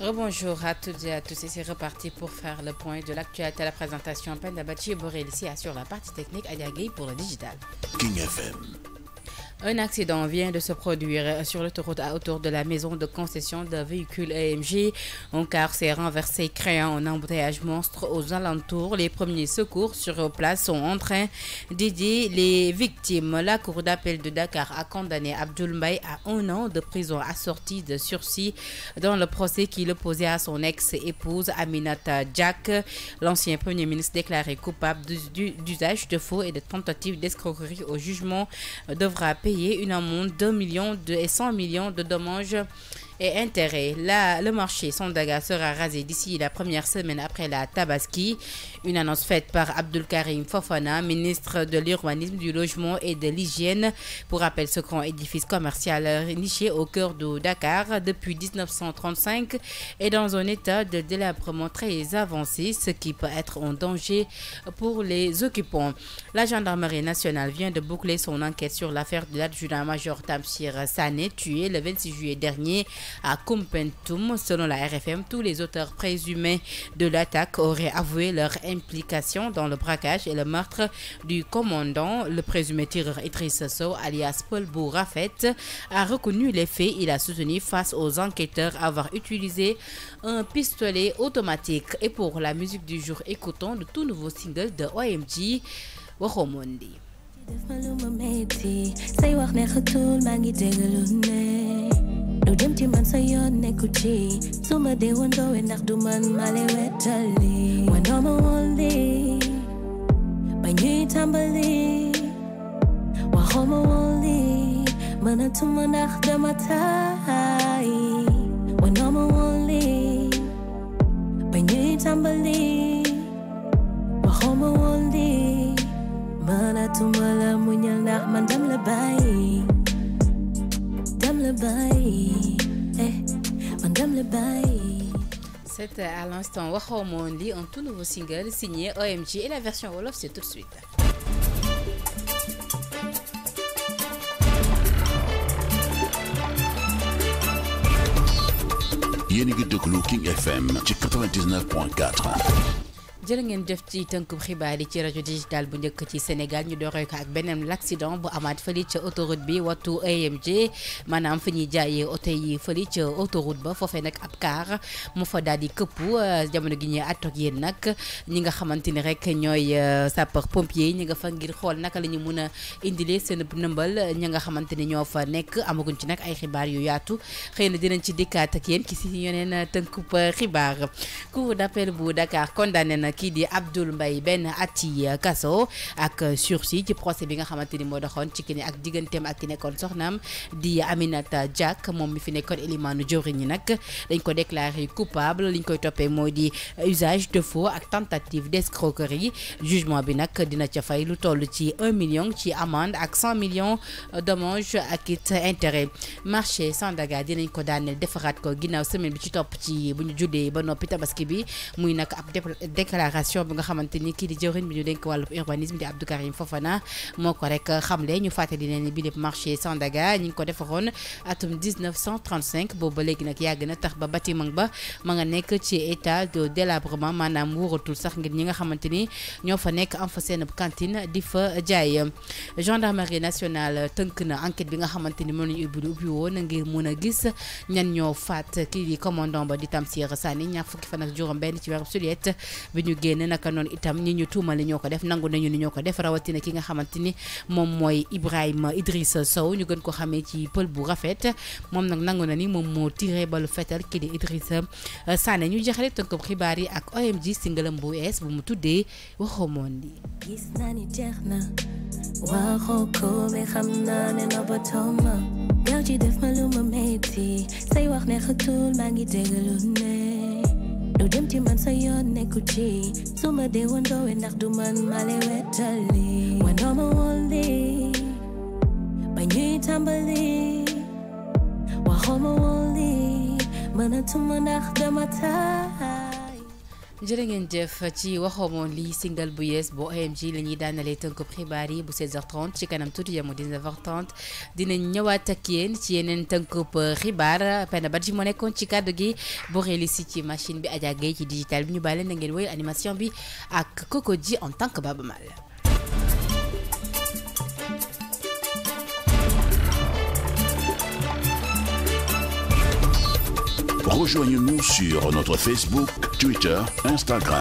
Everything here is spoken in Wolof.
Rebonjour à toutes et à tous et c'est reparti pour faire le point de l'actualité à la présentation Pendabachi et ici assure la partie technique à pour le digital. King FM un accident vient de se produire euh, sur l'autoroute autour de la maison de concession d'un véhicule AMG. E un car s'est renversé créant un embouteillage monstre aux alentours. Les premiers secours sur euh, place sont en train d'aider les victimes. La cour d'appel de Dakar a condamné Abdul à un an de prison assortie de sursis dans le procès qu'il opposait à son ex-épouse Aminata Jack. L'ancien premier ministre déclaré coupable d'usage de faux et de tentative d'escroquerie au jugement devra payer une amende de millions de, et 100 millions de dommages et intérêt. le marché Sandaga sera rasé d'ici la première semaine après la Tabaski. Une annonce faite par Abdul Karim Fofana, ministre de l'urbanisme, du logement et de l'hygiène. Pour rappel, ce grand édifice commercial niché au cœur de Dakar depuis 1935 est dans un état de délabrement très avancé, ce qui peut être en danger pour les occupants. La gendarmerie nationale vient de boucler son enquête sur l'affaire de l'adjudant-major Tamsir Sané, tué le 26 juillet dernier à Kumpentum. Selon la RFM, tous les auteurs présumés de l'attaque auraient avoué leur implication dans le braquage et le meurtre du commandant. Le présumé tireur Idriss alias Paul Bourafet, a reconnu les faits. Il a soutenu face aux enquêteurs avoir utilisé un pistolet automatique. Et pour la musique du jour, écoutons de tout nouveau single de OMG, Wahomondi. du dem ci man sa yoon nekku ci su ma dee woon doo we ndax du man ma lay wettali wanoo ma woon lii ba ñuy tàmbali waxoo ma woon lii mënatuma ndax dama C'est à l'instant waxoo moon un tout nouveau single signé OMG et la version wolof c'est tout de suite. yéen de King FM 99.4. jeul ngeen def ci tënkub xibaari ci radio digital bu ñëk ci Sénégal ñu dooree ko ak benen l'accident bu amaat feli ci autoroute bi watu AMG manam fi ñuy jaayee oto yi feli ci autoroute ba fofé nak ab car mu fa daldi kepp jamono gi ñi àttoog yeen nak ñi nga xamanteni rek ñoy euh, sapeur pompier ñi nga fa ngir xol naka lañu mëna indilé a indilee seen nëmbal ñi nga xamanteni ño fa nekk amaguñ ci nak ay xibaar yu yaatu xeyna dinañ ci dikkat ak yeen ci ci euh, xibaar cour d'appel bu Dakar condamné na qui di Abdoul Mbaye Ben at Kasso ak sursis ci procès bi nga xamanteni mo doxone ci ak Digentem ak ki nekkoon soxnam di Aminata Jack mom mi fi nekkone Elimane jawriñ ñi dañ ko déclaré coupable liñ koy topé usage de faux ak tentative d'escroquerie jugement bi nak dina ca fay lu toll ci 1 million ci amende ak 100 millions dommages ak intérêt marché Sandaga dinañ ko daaneel defaraat ko ginnaaw semaine bi ci top ci buñu ba nopi tabaski muy nak ab déclaration bi nga xamante ni kii di jëwrin bi ñu dénk wàllu urbanisme di Abdou Karim Fofana moo ko rek xamle ñu fàttali ne ni bi lépp marché Sandaga ñi ngi ko defaroon atum 1935 boobu ba léegi nag yàgg na tax ba bâtiment ba ma nga nekk ci état de délabrement maanaam wóoratul sax ngir ñi nga xamante ni ñoo fa nekk am fa seen cantine di fa jaay gendarmerie nationale tënk na enquête bi nga xamante ni moom la ñu ubbi ubbi woon ngir mun a gis ñan ñoo faat kii di commandant ba di Tamsir Sani ñaar fukki fan ak juróom benn ci weeru sulet bi ñu génne naka noonu itam ñi ñu tuumali ñoo ko def nangu nañu ni ñoo ko def rawatina ki nga xamante ni moom mooy Ibrahima Idrissa Sow ñu gën ko xamee ci pël bu rafet moom nag nangu na ni moom moo tiré balu fetal kii di Idrissa Sané ñu jeexale tënkub xibaar yi ak OMG singalam bu ees bu mu tuddee waxoo moon li say wax ne xatul maa ngi dégg ne doo dem ci man sa yoon nekku ci su ma dee woon we ndax du man ma lay wettali wanoo ma woon lii ba ñuy tàmbali waxoo ma woon lii mënatuma ndax dama taa jërë ngeen jëf ci waxoomoon lii single bu yees bu OMG la ñuy daanalee tënk xibaar yi bu 16h30 ci kanam tuuti yamu 19h30 dinañ ñëwaat ak yéen ci yeneen tënkub xibaar ba Badji moo nekkoon ci kàddu gi boo si ci machine bi Adja Gueye ci digital bi ñu bàyyi leen na ngeen woyu animation bi ak Koko Ji en tant que Baba Mal. Rejoignez-nous sur notre Facebook, Twitter, Instagram.